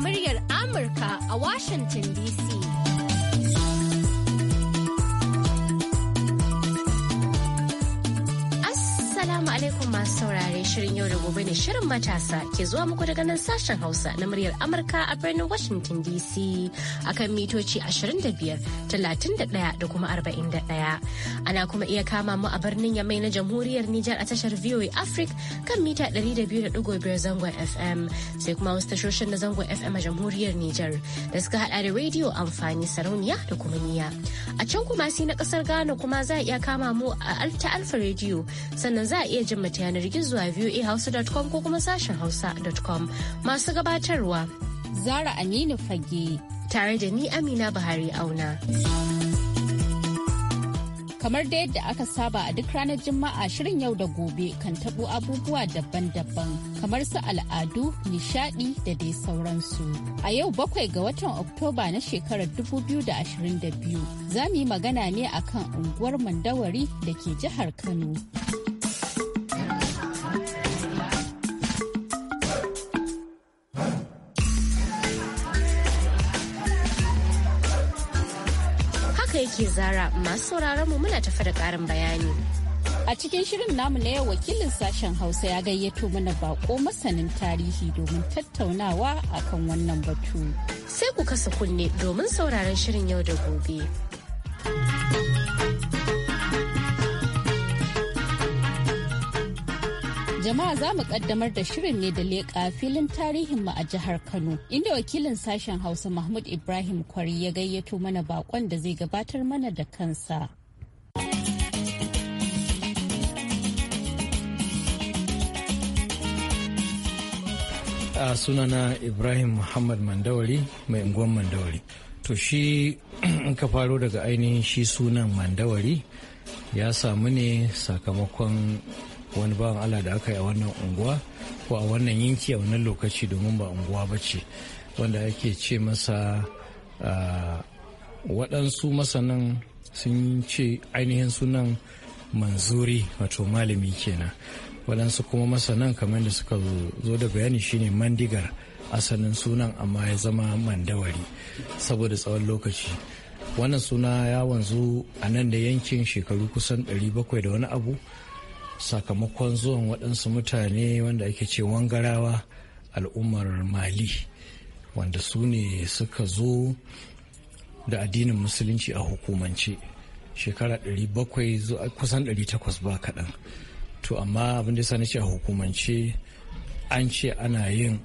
muryar Amurka daga a Washington, D.C. matasa ke zuwa muku daga nan sashen Hausa na muryar Amurka a birnin Washington DC akan mitoci 25, 31 da kuma 41. Ana kuma iya kama mu a birnin Yamai na Jamhuriyar Nijar a tashar VOA Africa kan mita 200.5 zangon FM sai kuma wasu tashoshin na zangon FM a Jamhuriyar Nijar da suka hada da rediyo amfani sarauniya da kuma niya. A can kuma si na kasar Ghana kuma za a iya kama mu a Alta Alfa Radio sannan za a iya jin mata yanar gizo a voahausa.com ko kuma kuma sashen hausa.com masu gabatarwa. Zara Aminu Fage. Tare da ni Amina Buhari Auna. Kamar da yadda aka saba a duk ranar Juma'a shirin yau da gobe kan tabo abubuwa daban-daban kamar su al'adu, nishadi da dai sauransu. A yau bakwai ga watan Oktoba na shekarar 2022 za mu yi magana ne akan unguwar Mandawari da ke jihar Kano. ke zara masu sauraron mu muna tafi da karin bayani. A cikin shirin namu na yau wakilin sashen Hausa ya gayyato mana bako masanin tarihi domin tattaunawa akan wannan batu. Sai ku kasa kunne domin sauraron shirin yau da gobe. Jama'a za mu kaddamar da shirin ne da leƙa filin tarihin mu a jihar Kano, inda wakilin sashen Hausa Mahmud Ibrahim Kwari ya gayyato mana bakon da zai gabatar mana da kansa. A sunana Ibrahim Muhammad Mandawari mai unguwan Mandawari. To shi in ka faro daga ainihin shi sunan Mandawari ya samu ne sakamakon wani bawan allah da aka yi a wannan unguwa ko a wannan yanki a wannan lokaci domin ba unguwa ba ce wanda ake ce masa waɗansu masanan sun ce ainihin sunan manzuri wato malami kenan waɗansu kuma masanan kamar da suka zo da bayani shine mandigar asalin sunan amma ya zama mandawari saboda tsawon lokaci wannan suna ya wanzu a nan da yankin shekaru kusan 700 da wani abu sakamakon zuwan waɗansu mutane wanda ake ce wangarawa al'ummar mali wanda su ne suka zo da addinin musulunci a hukumance shekara 700 zuwa kusan 800 ba kaɗan to amma abin sa ya ce a hukumance an ce ana yin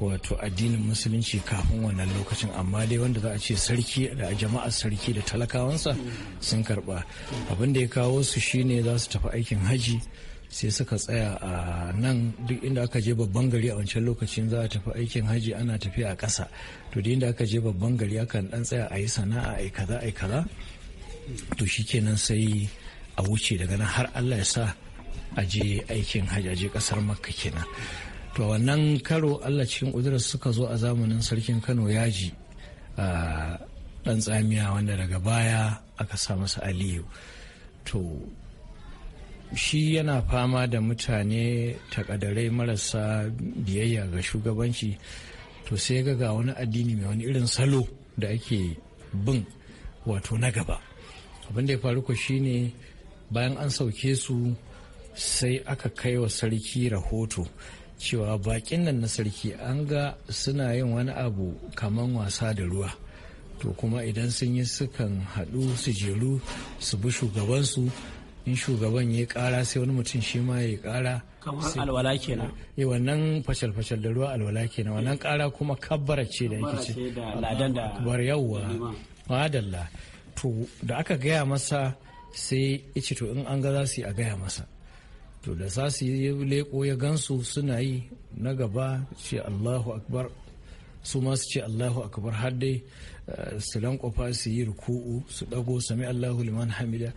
wato addinin musulunci kafin wannan lokacin amma dai wanda za a ce sarki da jama'ar sarki da talakawansa sun karba abin da ya kawo su shine za su tafi aikin haji sai suka tsaya a nan duk inda aka je babban gari a wancan lokacin za a tafi aikin haji ana tafiya a kasa to duk inda aka je babban gari akan dan tsaya a yi sana'a a yi kaza a yi kaza to shikenan sai a wuce daga nan har Allah ya sa a je aikin haji a je ƙasar makka kenan to wannan karo allah cikin ƙudurar suka zo a zamanin sarkin kano yaji a ɗan tsamiya wanda daga baya aka sa masa aliyu to shi yana fama da mutane takadarai marasa biyayya ga shugabanci to sai ga ga wani addini mai wani irin salo da ake bin wato na gaba abinda ya faru ko shine bayan an sauke su sai aka kai wa sarki rahoto cewa bakin nan na sarki an ga suna yin wani abu kaman wasa da ruwa to kuma idan sun yi sukan haɗu su jeru su bi shugabansu in shugaban ya ƙara sai wani mutum shi ma ya ƙara kamar alwala kenan eh wannan fashal fashal da ruwa alwala kenan wannan ƙara kuma kabbara ce da yake ce ladan da bar yawwa madalla to da aka gaya masa sai ya to in an ga za su yi a gaya masa to da sasi ya leko ya gansu suna yi na gaba ce allahu akbar su masu ce allahu akbar har dai eh, su lankofa su yi ruku'u su dago sami allahu liman hamida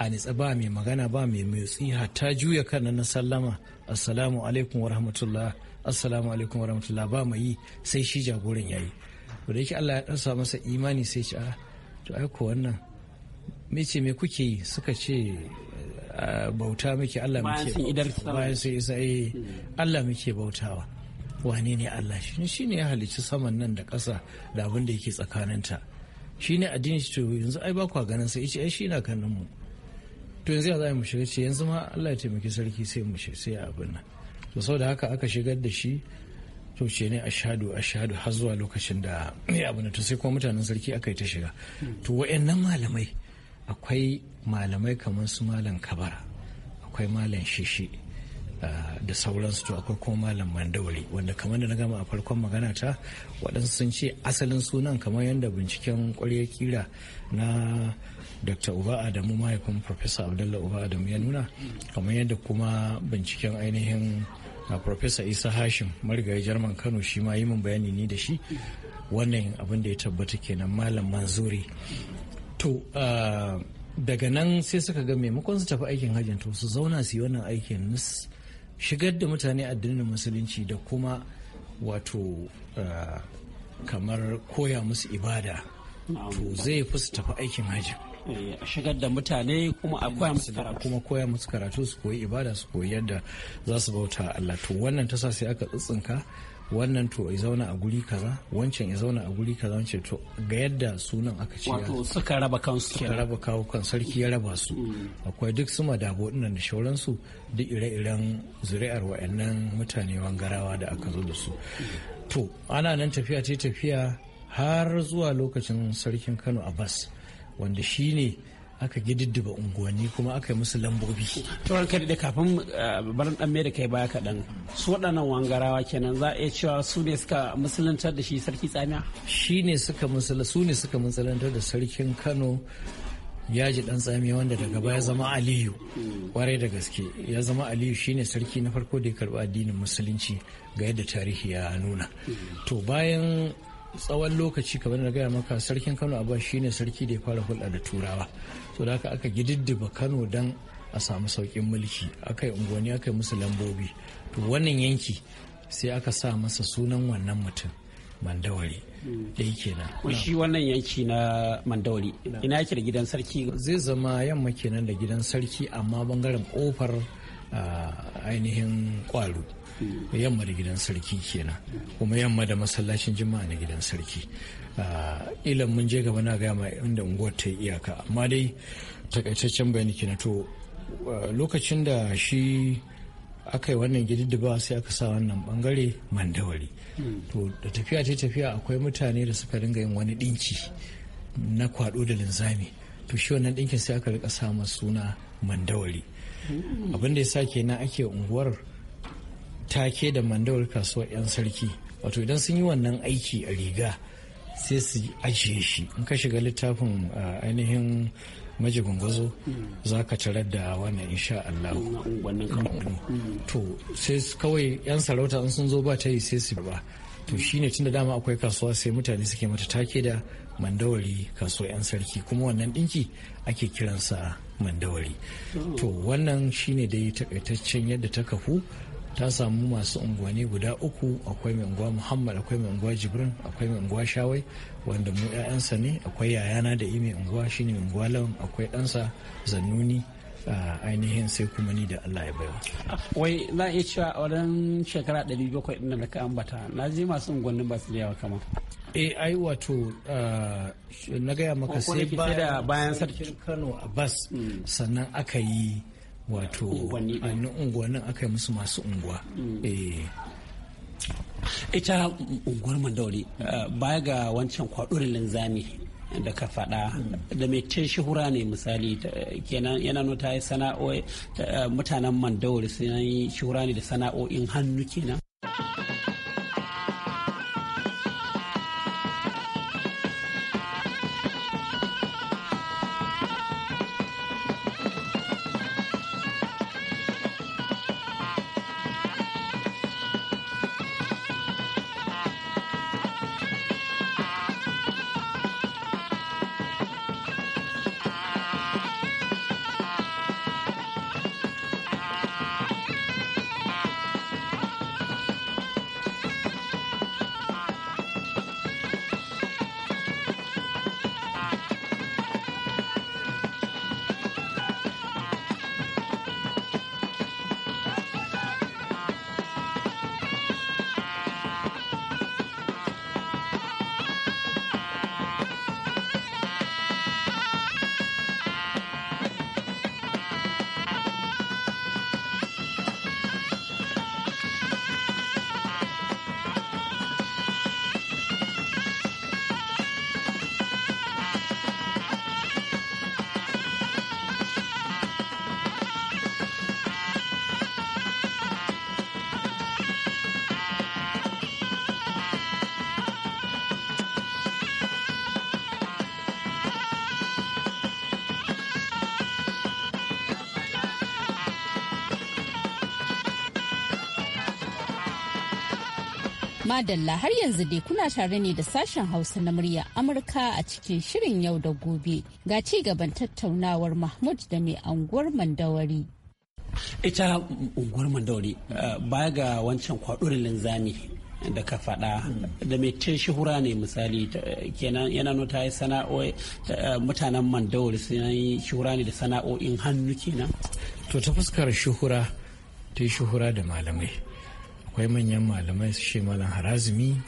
a nitsa ba mai magana ba mai motsi hatta juya kan na sallama assalamu alaikum wa rahmatullah assalamu alaikum wa rahmatullah ba mai yi sai shi jagoran yayi to da yake Allah ya ɗansa masa imani sai ce a ah, to aiko wannan me ce me kuke yi suka ce bauta muke Allah muke bayan sun isa eh, hmm. Allah muke bautawa wane ne Allah shi ne ya halicci saman nan da ƙasa da abin da yake tsakaninta shi ne addini shi to yanzu ai ba kwa ganin sai ai shi na kanin mu to yanzu ya za mu shiga ce yanzu ma Allah ya taimaki sarki sai mu shi sai abin nan to saboda haka aka shigar da shi to ce ne ashadu ashadu har zuwa lokacin da ya abin to sai kuma mutanen sarki aka yi ta shiga hmm. to wa'annan malamai akwai malamai kamar su malam kabara akwai malam shishi ah, da sauransu to akwai kuma malam mandawari wanda kamar da na gama a farkon magana ta waɗansu sun ce asalin sunan kamar yadda binciken ƙwarya kira na dr uba adamu mahaifin professor abdullahi uba adamu ya nuna kamar yadda kuma binciken ainihin ah, professor isa hashim marigayi jarman kano shi ma yi min bayani ni da shi wannan abin da ya tabbata kenan malam manzuri to uh, daga nan sai suka ga maimakon su tafi aikin hajjin to su zauna su yi wannan aikin shigar da mutane addinin musulunci da kuma wato uh, kamar koya musu ibada to zai fi su tafi aikin hajji eh, shigar da mutane kuma a koya musu karatu kuma koya musu karatu su koyi ibada su koyi yadda za su bauta Allah to wannan ta sa sai aka tsitsinka wannan to ya zauna a guri kaza wancan ya zauna a guri kaza wancan to ga yadda sunan aka ce wato suka raba kansu suka raba kawo kan sarki ya raba su mm. akwai duk su madabo dinnan da shauransu duk ire-iren zuri'ar wayannan mutane wangarawa da aka zo da su to ana nan tafiya ce tafiya har zuwa lokacin sarkin Kano Abbas wanda shine aka gididdiba unguwanni kuma aka yi musu lambobi. Tawar kai da kafin eh, barin dan da kai baya kaɗan su waɗannan wangarawa kenan za a iya cewa su ne suka musuluntar da shi sarki tsamiya. Shi ne suka su ne suka musuluntar da sarkin Kano yaji dan tsamiya wanda daga baya zama Aliyu kwarai da gaske ya zama Aliyu shine sarki na farko da ya karɓi addinin musulunci ga yadda tarihi ya nuna. To bayan tsawon lokaci kamar na gaya maka sarkin kano abuwa shine sarki da ya fara hulɗa da turawa so da haka aka gididdiba kano don a samu sauƙin mulki aka yi unguwanni aka yi musu lambobi to wannan yanki sai aka sa masa sunan wannan mutum mandawari mm. da yake nan shi wannan yanki na mandawari ina yake da gidan sarki zai zama yamma kenan da gidan sarki amma bangaren kofar a ainihin kwaro yamma da gidan sarki kenan kuma yamma da masallacin jima'a na gidan sarki ilan mun je gaba na gaya ma inda unguwar ta iyaka amma dai takaitaccen bayani kina to lokacin da shi aka yi wannan gididdiba sai aka sa wannan bangare mandawari to da tafiya ta tafiya akwai mutane da suka dinga yin wani dinki na kwado da linzami to shi wannan dinkin sai aka rika sa suna mandawari abinda da ya sa kenan ake unguwar take da mandawar kasuwar 'yan sarki wato idan sun yi wannan aiki a riga sai su ajiye shi in ka shiga littafin ainihin maji gungazo za ka tarar da wannan sha Allah to sai kawai 'yan sarauta sun zo ba ta yi sai su ba to shine tunda dama akwai kasuwa sai mutane suke mata take da mandawari kasuwa 'yan sarki kuma wannan dinki ake kiransa mandawari to wannan shine dai takaitaccen yadda ta kafu ta samu masu unguwanni guda uku akwai mai unguwa muhammad akwai mai unguwa jibrin akwai mai unguwa shawai wanda mu 'ya'yansa ne akwai yayana da imi unguwa shine mai unguwa lawan akwai ɗansa zannuni ainihin sai kuma ni da Allah ya baiwa. Wai na iya cewa a wurin shekara 700 din da ka ambata na je masu unguwannin ba su da yawa kama. Eh ai wato na gaya maka sai bayan sarkin Kano a bas hmm. sannan aka yi wato unguwannin aka yi musu masu unguwa. Hmm. Eh. ita unguwar mandauri baya ga wancan kwaɗurin linzami da ka faɗa da mai ce shuhura ne misali kenan yana nuna ta yi sana'o'i mutanen mandawar sun yi shuhura ne da sana'o'in hannu kenan Madalla har yanzu dai kuna tare ne da sashen Hausa na murya Amurka a cikin shirin yau da gobe. Ga ci gaban tattaunawar Mahmud da mai anguwar Mandawari. Ita unguwar Mandawari eh, baya ga wancan kwaɗon linzami da ka faɗa da mai ta shuhura ne misali kenan yana nuta ya sana'o'i eh, mutanen Mandawari sun yi shuhura ne da sana'o'in hannu kenan. To ta fuskar shuhura ta yi shuhura da malamai. akwai manyan malamai su shi malam harazumi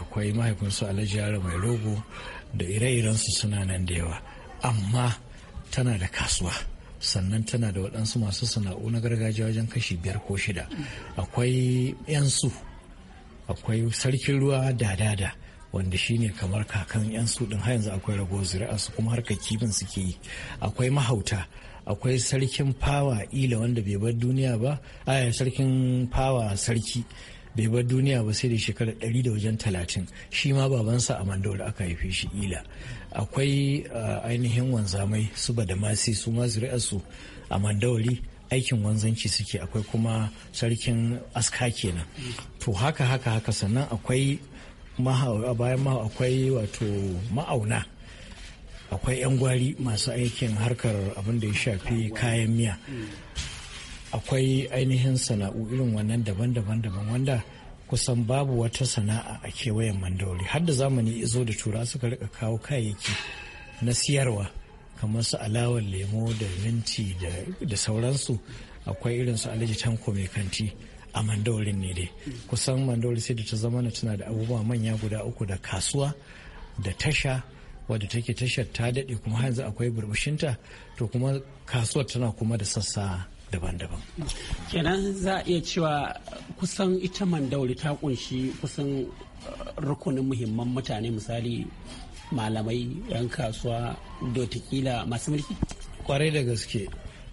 akwai mahaifinsu alhaji yaro mai rogo da ire iren su suna nan da yawa amma tana da kasuwa sannan tana da waɗansu masu sana'u na gargajiya wajen kashi biyar ko shida akwai 'yansu akwai sarkin ruwa da dada wanda shine kamar kakan 'yansu ɗin har yanzu akwai ragowar rago su kuma harkar kibin suke yi akwai mahauta akwai sarkin fawa ila wanda bai bar duniya ba a sarkin fawa sarki bai bar duniya ba sai da shekara ɗari da wajen talatin shi ma babansa a mandawar aka haife shi ila akwai ainihin wanzamai su ba da masi su ma su a mandawari aikin wanzanci suke akwai kuma sarkin aska kenan to haka haka haka sannan akwai bayan ma akwai wato ma'auna akwai 'yan gwari masu aikin harkar abin da ya shafi kayan miya akwai ainihin sana'u irin wannan daban-daban daban wanda kusan babu wata sana'a a kewayen mandauri har da zamani izo da tura suka rika kawo kayayyaki na siyarwa kamar su alawar lemo da minti da sauransu akwai irin su alaji tanko mai kanti a mandaurin ne dai kusan mandauri sai da ta zama tana da abubuwa manya guda uku da kasuwa da tasha wadda take tashar ta daɗe kuma yanzu akwai burbushinta to kuma kasuwar tana kuma da sassa daban-daban. kenan za a iya cewa kusan ita mandauri ta kunshi kusan uh, rukunin muhimman mutane misali malamai 'yan kasuwa dotakila masu mulki kwarai da gaske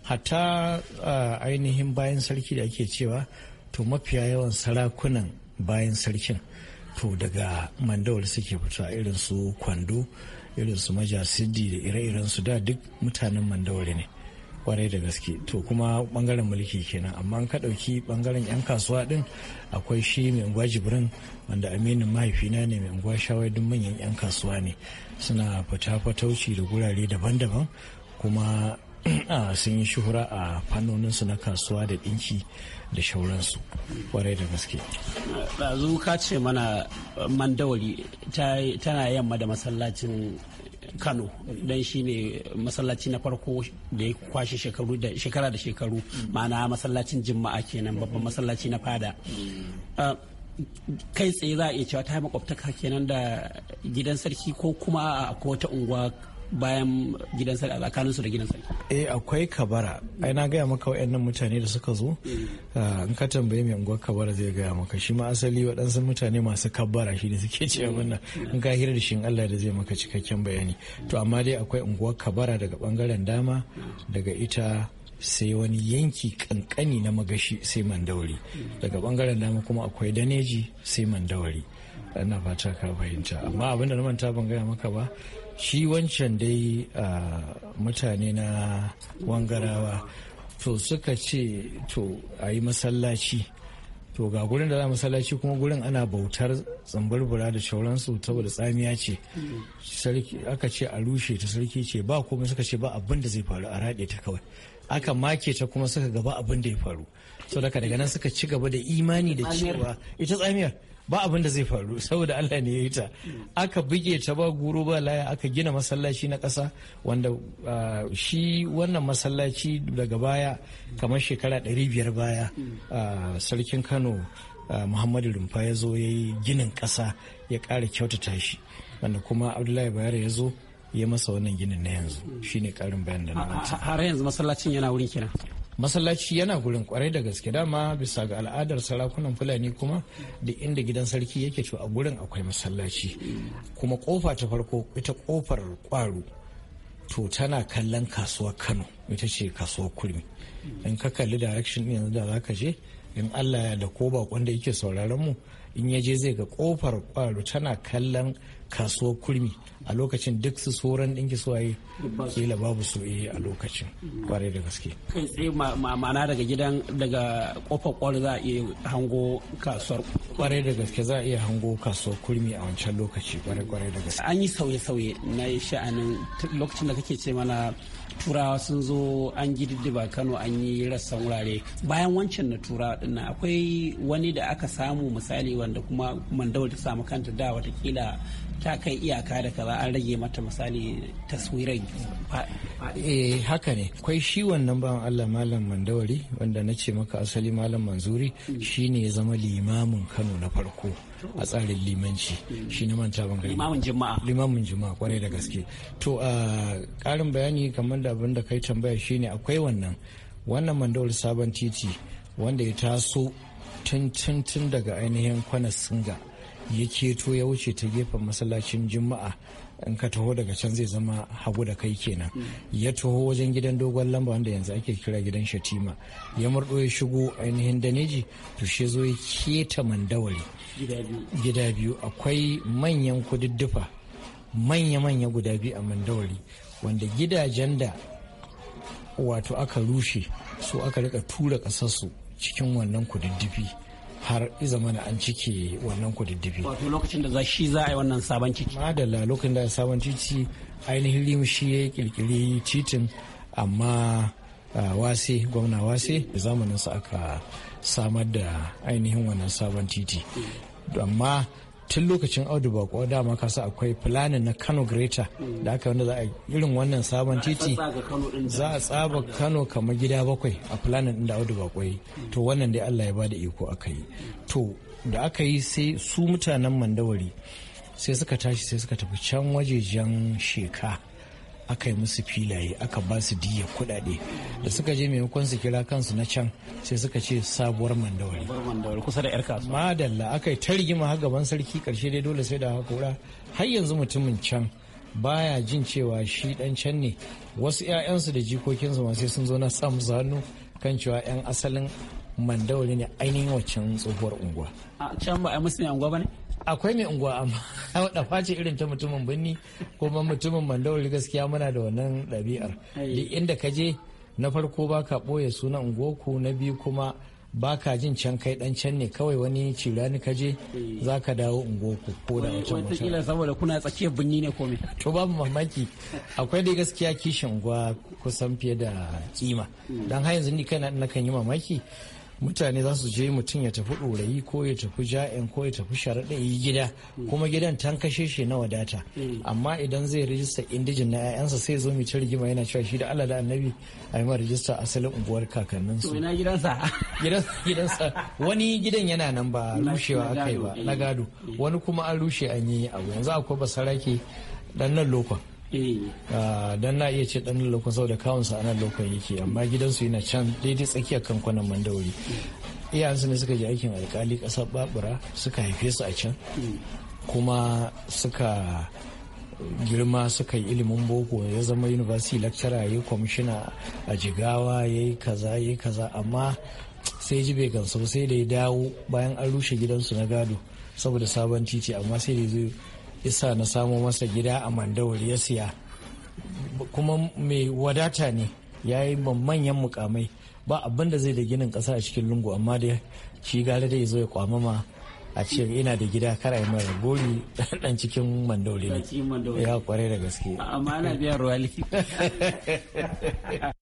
hatta uh, ainihin bayan sarki da ake cewa to mafiya yawan sarakunan bayan sarkin to daga mandawar suke fita irin su kwando irin su maja siddi da ire-iren su da duk mutanen mandawari ne kwarai da gaske to kuma bangaren mulki kenan amma an ka dauki bangaren 'yan kasuwa din akwai shi mai unguwa jibrin wanda aminin mahaifina ne mai unguwa shawai duk manyan 'yan kasuwa ne suna fata fatauci da gurare daban-daban kuma Ah, sun yi shuhura a fannoninsu na kasuwa da dinki da shauransu kwarai da gaske ɗazu ka ce mana uh, mandawari tana yamma da masallacin kano don shi ne masallaci na farko da ya kwashe shekara da shekaru ma'ana masallacin jima'a kenan babban masallaci na fada uh, kai tsaye za a iya cewa ta makwabtaka kenan da gidan sarki ko kuma a kowace unguwa bayan gidan sarki tsakanin su da gidan sarki eh akwai kabara ai na gaya maka wayannan mutane da suka zo mm. ah, in ka tambaye mai unguwar kabara zai gaya maka shi ma asali waɗansu mutane masu kabara shi ne suke ce wannan mm. in ka hira da shi Allah da zai maka cikakken bayani to amma dai akwai unguwar kabara daga bangaren dama daga ita sai wani yanki kankani na magashi sai mandawari mm. daga bangaren dama kuma akwai daneji sai mandawari ana fata ka fahimta amma abinda na manta ban gaya maka ba shi wancan dai mutane na wangarawa to suka ce to a yi masallaci to ga gurin da za a masallaci kuma gurin ana bautar tsambarbura da shauransu saboda tsamiya ce aka ce a rushe ta sarki ce ba kuma suka ce ba abin da zai faru a raɗe ta kawai aka make ta kuma suka gaba abin da ya faru saboda daga nan suka ci gaba da imani da cewa ita tsamiyar ba abin da zai faru saboda Allah ne ya yi ta aka buge ta ba guru ba laya aka gina masallaci na kasa wanda ah, shi wannan masallaci daga baya kamar shekara 500 baya ah, sarkin Kano ah, Muhammadu Rumfa ya zo ya yi ginin kasa ya ƙara kyautata shi wanda kuma Abdullahi Bayero ya zo ya masa wannan ginin na yanzu shine karin bayan da na har yanzu masallacin yana wurin kenan masallaci yana gurin kwarai da gaske dama bisa ga al'adar sarakunan fulani kuma da inda gidan sarki yake to a gurin akwai masallaci kuma kofa ta farko ita kofar kwaro to tana kallon kasuwar kano ita ce kasuwar kurmi in ka kalli direction din yanzu da za ka je in allah ya da ko bakon da yake sauraron mu in ya je zai ga kofar kwaro tana kallon kasuwar kurmi a lokacin duk su tsoron ɗinki suwaye kila babu su a lokacin kwarai da gaske kai tsaye ma'ana daga gidan daga kofar kwar za a iya hango kasuwar kwarai da gaske za a iya hango kasuwar kurmi a wancan lokaci kwarai kwarai da gaske an yi sauye-sauye na sha'anin lokacin da kake ce mana turawa sun zo an gididdiba kano an yi rassan wurare bayan wancan na turawa din akwai wani da aka samu misali wanda kuma mandawar ta samu kanta da watakila ta kai iyaka da kaza an rage mata misali taswirai eh haka ne akwai shi wannan bawan Allah malam mandawari wanda na ce maka asali malam manzuri mm. shine ya zama limamin Kano na farko a tsarin limanci shi na manta ban gari limamin jima'a limamin jima'a kwarai da gaske to a karin bayani kamar da abin da kai tambaya shine akwai wannan wannan mandawar sabon titi wanda ya taso tun tun tun daga ainihin kwana singa ya keto ya wuce ta gefen masallacin juma'a in ka taho daga can zai zama hagu da kai kenan ya taho wajen gidan dogon lamba wanda yanzu ake kira gidan shatima ya murɗo ya shigo ainihin daneji to shi zo ya keta mandawari gida biyu akwai manyan kududdufa manya-manya guda biyu a mandawari wanda gidajen da wato aka rushe so aka rika tura ƙasarsu cikin wannan kududdufi har zamana an cike wannan kududdufi. Wato lokacin da shi za a yi wannan sabon ciki. Madalla lokacin da sabon titi ainihin rimu shi ya kirkiri titin amma wase gwamna wase da zamaninsa aka samar da ainihin wannan sabon titi. Amma tun lokacin audu bako dama kasa akwai filanin na kano greater da aka wanda za a irin wannan sabon titi za a tsaba kano kamar gida bakwai a filanin da audu bako to wannan dai allah ya ba da iko aka yi to da aka yi sai su mutanen mandawari sai suka tashi sai suka tafi can wajejen sheka aka yi musu filaye aka ba su diya kuɗaɗe da suka je maimakon su kira kansu na can sai suka ce sabuwar mandawari kusa da 'yar kasuwa madalla aka yi ta rigima har gaban sarki karshe dai dole sai da hakura har yanzu mutumin can baya jin cewa shi dan can ne wasu 'ya'yansu da jikokinsu ma sai sun zo na sam zanu kan cewa 'yan asalin mandawari ne ainihin waccan tsohuwar unguwa. a can ba a musu ne unguwa ba ne? akwai mai unguwa amma da face irin ta mutumin birni kuma mutumin mandawari gaskiya muna da wannan ɗabi'ar duk inda ka je na farko ba ka ɓoye suna unguwarku na biyu kuma ba ka jin can kai dan can ne kawai wani cirani ka je za ka dawo ungoku ko da saboda kuna tsakiyar birni ne komai to babu mamaki akwai dai gaskiya kishin unguwa kusan fiye da kima hmm. don har yanzu ni kaina na kan yi mamaki mutane za su je mutum ya tafi ɗorayi ko ya tafi ja'in ko ya tafi sharaɗa yi gida kuma gidan tan kashe shi na wadata amma idan zai rijista indijin na 'ya'yansa sai zo ta rigima yana cewa shi da allah da annabi a yi ma rijista asalin unguwar kakannin su gidansa wani gidan yana nan ba rushewa aka yi ba na eh. gado wani kuma an rushe an yi abu yanzu akwai basarake dan nan lokwa Eh. Ah, don na iya ce dan lokon saboda kawunsa a nan lokacin yake amma gidansu yana can daidai tsakiyar kankunan mandauri iyayensu ne suka je aikin alkali kasar babura suka haife su a can kuma suka girma suka yi ilimin boko ya zama university lecturer ya yi kwamishina a jigawa ya yi kaza ya yi kaza amma sai ji bai gamsu sai da ya dawo bayan an rushe gidansu na gado saboda sabon titi amma sai da ya zo isa na samo masa gida a mandawar ya siya kuma mai wadata ne ya yi manyan mukamai ba abin da zai da ginin kasa a cikin lungu amma da shi gare da ya zo ya kwamama a ce ina da gida kara mai gori dan cikin mandawar ya kware da gaske amma ana biyan royalty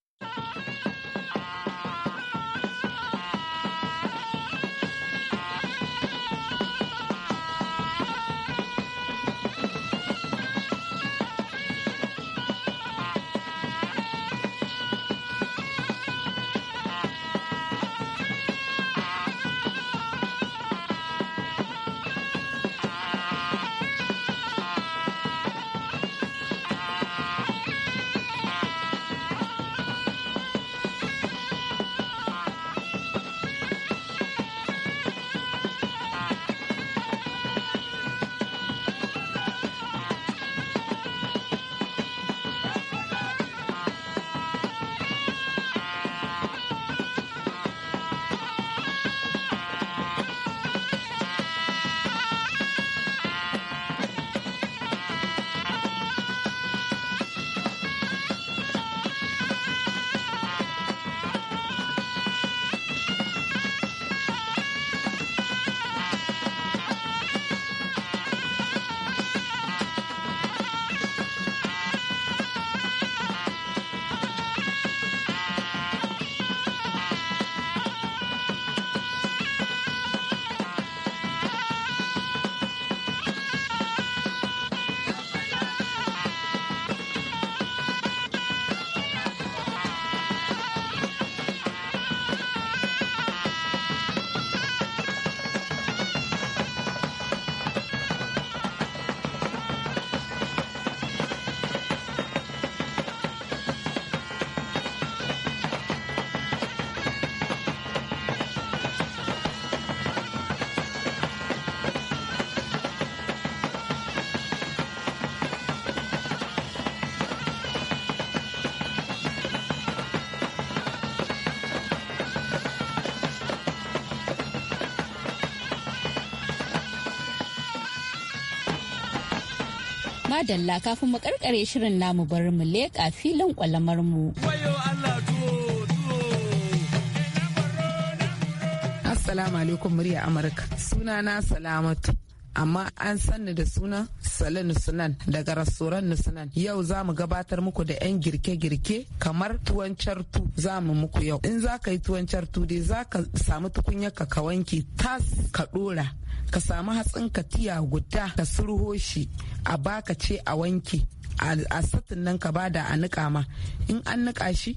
madalla kafin mu karkare shirin namu bari mu leka filin kwalamar mu. Assalamu alaikum murya Amurka. suna na Salamatu. amma an sanni da suna salin sunan daga rastoran sunan yau za mu gabatar muku da 'yan girke-girke kamar tuwon cartu za mu muku yau in za ka yi tuwon cartu dai za ka samu tukunyar ka ka wanke tas ka dora ka samu hatsin ka tiya guda ka surho shi a baka ce a wanke a satin nan ka bada a nika ma in an niƙa shi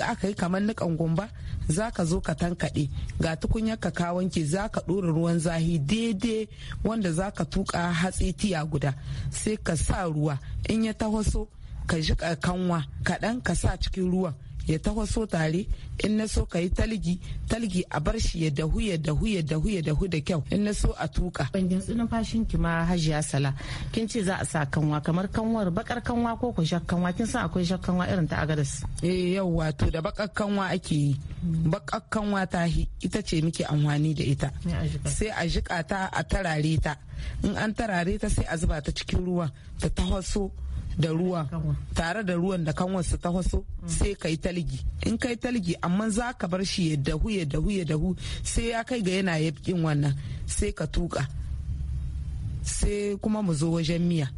aka yi kamar niƙan gumba za ka zo ka tankaɗe ga tukunyar ka ka wanke za ka ɗora ruwan zahi daidai wanda za ka tuƙa hatsi tiya guda sai ka sa ruwa in ya taho so ka jiƙa kanwa kaɗan ka sa cikin ruwan ya taho tare in na so ka yi talgi talgi a bar shi ya dahu ya dahu ya dahu ya dahu da kyau in na so a tuka ban tsinin fashin ki ma hajiya sala kin ce za a sa kanwa kamar kanwar bakar kanwa ko ku kanwa kin san akwai kanwa irin ta agadas eh yau wato da bakar kanwa ake yi hmm. bakar kanwa ta ita ce muke amfani da ita sai a jika ta a tarare ta in an tarare ta sai a zuba ta cikin ruwa ta taho so da ruwa tare da ruwan da kan su ta waso sai kai talgi in kai talgi amma za ka bar shi ya dahu ya dahu ya dahu sai ya kai ga yana yabkin wannan sai ka tuka sai kuma mu zo wajen miya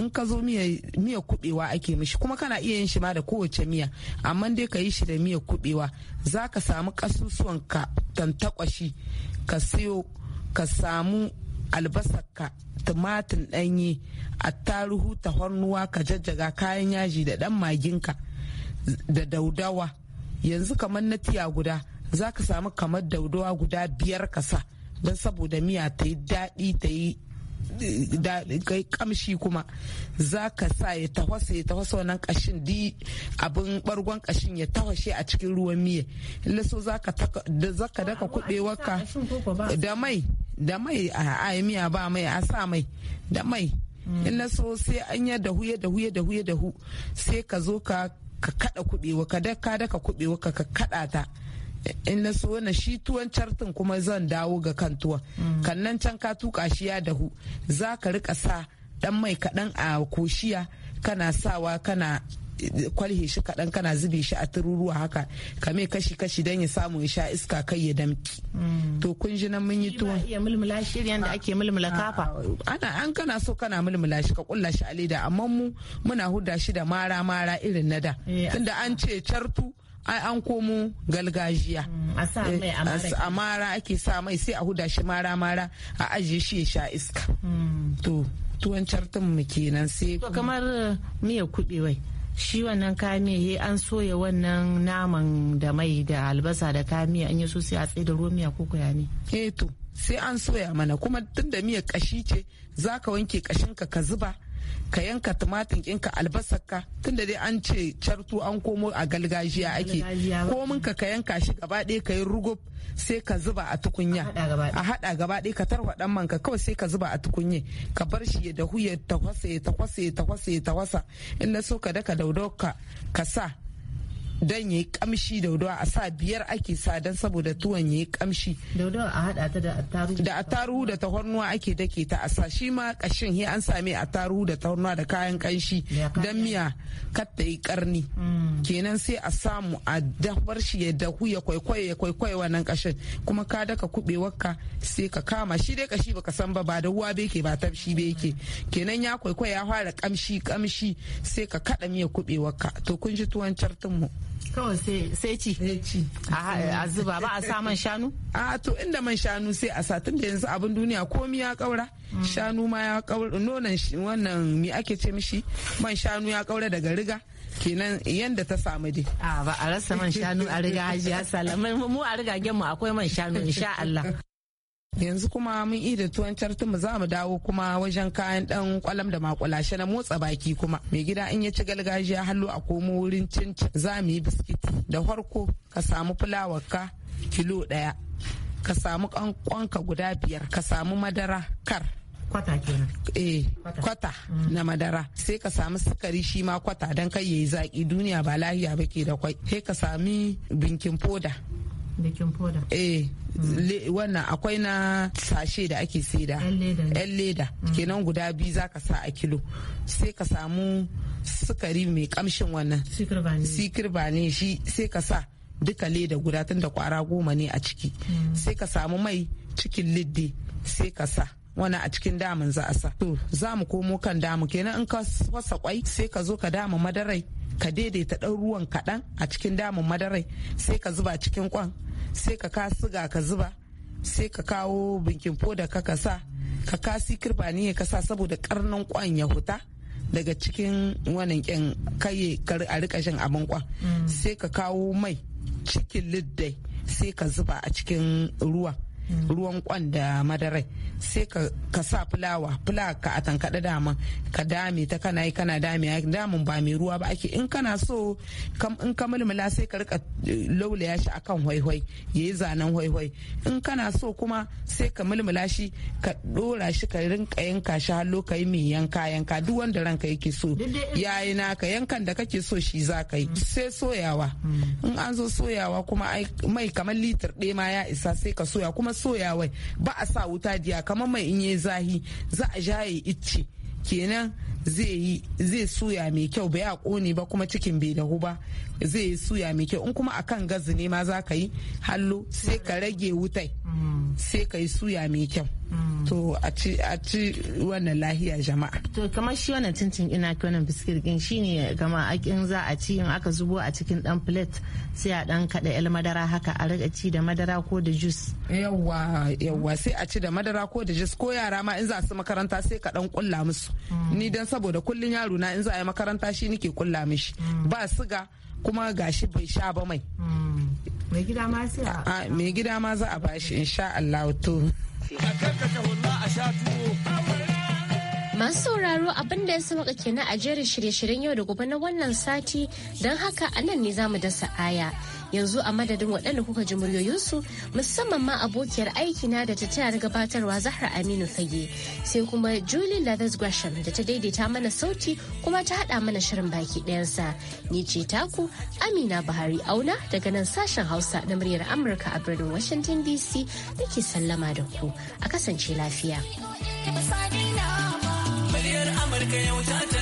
in ka zo miya kubewa ake mishi kuma kana iya yin shi ma da kowace miya amma dai ka yi shi da miya kubewa za ka samu kasusuwan ka tantakwashi ka siyo ka samu albasarka tumatir ɗanye attaruhu hannuwa ka jajjaga kayan yaji da ɗan maginka da daudawa yanzu kamar na tiya guda za ka samu kamar daudawa guda biyar kasa sa don saboda miya ta yi daɗi ta yi kai kamshi kuma za ka sa ya tahwasa ya tahwasa wannan kashin di abin bargon kashin ya tahwashe a cikin ruwan miya in so za ka daka kuɗewarka da mai da mai a miya ba mai a sa mai da mai mm. in na so sai an da dahu da huye da huye da hu sai ka zo ka ka kada kubewa ka daka daka ka ka kada ta in na so na shi tuwon cartin kuma zan dawo ga kan tuwon mm. kan nan can ka tuka shi ya dahu za ka rika sa dan mai kaɗan a koshiya kana sawa kana kwalhe shi kaɗan kana zube shi a tururuwa haka ka mai kashi kashi don ya samu ya sha iska kai ya damki mm. to kun ji nan mun yi tuwon iya mulmula shi yadda ake mulmula ah, kafa ana an kana so kana mulmula shi ka kulla shi a leda amma mu muna huda shi da mara mara irin na da eh, tunda an ce cartu an komo galgajiya mm, a eh, mara ake sa mai sai a huda shi mara mara a ajiye shi ya sha iska mm. to tuwon cartun mu kenan sai to kamar eh, miya kuɗi wai shi wannan kamiya an soya wannan naman da mai da albasa da kamiya an yi so sai a tsaye da romiya ko kuya ne eto eh sai an soya mana kuma tun da miyar kashi ce za ka wanke kashinka ka zuba ka yanka tumatir ɗinka albasarka tunda dai an ce cartu an komo a galgajiya ake komin ka ka yanka shi gaba ɗaya ka yi rugub sai ka zuba a tukunya a hada gaba ɗaya ka tarwaɗan manka kawai sai ka zuba a tukunya ka bar shi ya dahu ya tafasa ya tafasa ya tafasa ya tafasa in na so ka daka daudau ka sa don ya yi kamshi daudawa a sa biyar ake sa don saboda tuwon ya yi kamshi daudawa a hada da attaruhu da tahornuwa ake dake ta a sa shi ma kashin he an same attaruhu da tahornuwa da kayan kanshi don miya katta yi karni mm. kenan sai a samu a dafar shi ya dahu ya kwaikwayo ya kwaikwayo wannan kashin kuma ka daka wakka sai ka kama shi dai kashi baka san ba ba da ruwa ke ba tafshi ke kenan ya kwaikwayo ya fara kamshi kamshi sai ka kada miya wakka to kun ji tuwon cartin mu kawai sai ci a zuba ba a sa man shanu a to inda man shanu sai a sa tunda yanzu abin duniya komi ya kaura mm. shanu ma ya kaura nonon wannan mi ake ce mishi man shanu ya kaura daga riga kenan yanda ta samu dai. A ba a rasa man shanu a riga hajiya salamai mu a riga mu akwai man shanu insha Allah. yanzu kuma mun yi da tuwon mu za mu dawo kuma wajen kayan dan kwalam da makulashe na motsa baki kuma mai gida in ya ci galgajiya hannu a komo wurin cincin za mu yi biskit da farko ka samu fulawarka kilo daya ka samu kankonka guda biyar ka samu madara kar kwata kenan eh kwata mm. na madara sai ka samu sukari shi ma kwata don kai yayi zaki duniya ba lahiya ba ke da kwai sai ka sami binkin foda bakin foda eh mm. wannan akwai na sashe da ake saida yan leda mm. kenan guda biyu zaka sa a kilo sai ka samu sukari mai kamshin wannan sikir ba ne shi sai ka sa duka leda guda tun da kwara goma ne a ciki mm. sai ka samu mai cikin liddi sai ka sa wani a cikin damin za a sa to za mu komo kan damu kenan in ka wasa kwai sai ka zo ka dama madarai ka daidaita ɗan ruwan kaɗan a cikin damun madarai sai ka zuba cikin kwan sai ka ka siga ka zuba sai ka kawo binkin foda ka ka sa ka kasi kirba ni ka sa saboda karnin kwan ya huta daga cikin wannan kyan kaye a rika shan abin kwan mm. sai ka kawo mai cikin liddai sai ka zuba a cikin ruwa. ruwan kwan da madarai sai ka sa fulawa fulawa ka atankaɗa dama ka dame ta kana yi kana dame damun ba mai ruwa ba ake in kana so in ka mulmula sai ka rika eh, laulaya shi akan hwaihwai ya yi zanen hwaihwai in kana so kuma sai ka mulmula shi ka ɗora shi ka rinka yanka shi hallo ka yi mai yanka yanka duk wanda ranka yake so yayi naka yankan da kake so shi za ka yi mm. sai soyawa mm. in an zo soyawa kuma mai kamar litir ɗaya ma ya isa sai ka soya kuma soya wai ba a sa wuta diya kamar mai in yi zahi za a ya icce kenan zai yi suya mai kyau bai a kone ba kuma cikin bai dahu ba zai yi suya mai kyau in kuma akan gazi ne ma za ka yi hallo sai ka rage wutai mm. sai ka yi suya mai kyau mm. to a ci wannan lahiya jama'a to kamar shi wannan tintin ina ki wannan biskit din shine gama akin za a ci in aka zubo a cikin dan plate sai a dan kada el madara haka a riga ci da madara ko da juice yawwa yawwa sai a ci da madara ko da juice ko yara ma in za su makaranta sai ka dan kulla musu mm. ni dan saboda kullun yaro na in za a yi makaranta shi nake kulla mishi mm. ba siga kuma gashi bai sha ba mai hmm. ah, mai gida ma za a bashi insha Allah to Masu sauraro abinda ya sauka kenan a jerin shirye-shiryen yau da gobe na wannan sati don haka a nan ne za mu dasa aya. yanzu a madadin waɗanda kuka ji muryoyinsu musamman ma abokiyar aikina da ta tayar gabatarwa zahra aminu fage sai kuma julie lathers gresham da ta daidaita mana sauti kuma ta haɗa mana shirin baki ɗayansa ni ce taku amina buhari auna daga nan sashen hausa na muryar amurka a birnin washington dc da ke sallama da ku a kasance lafiya. Muryar Amurka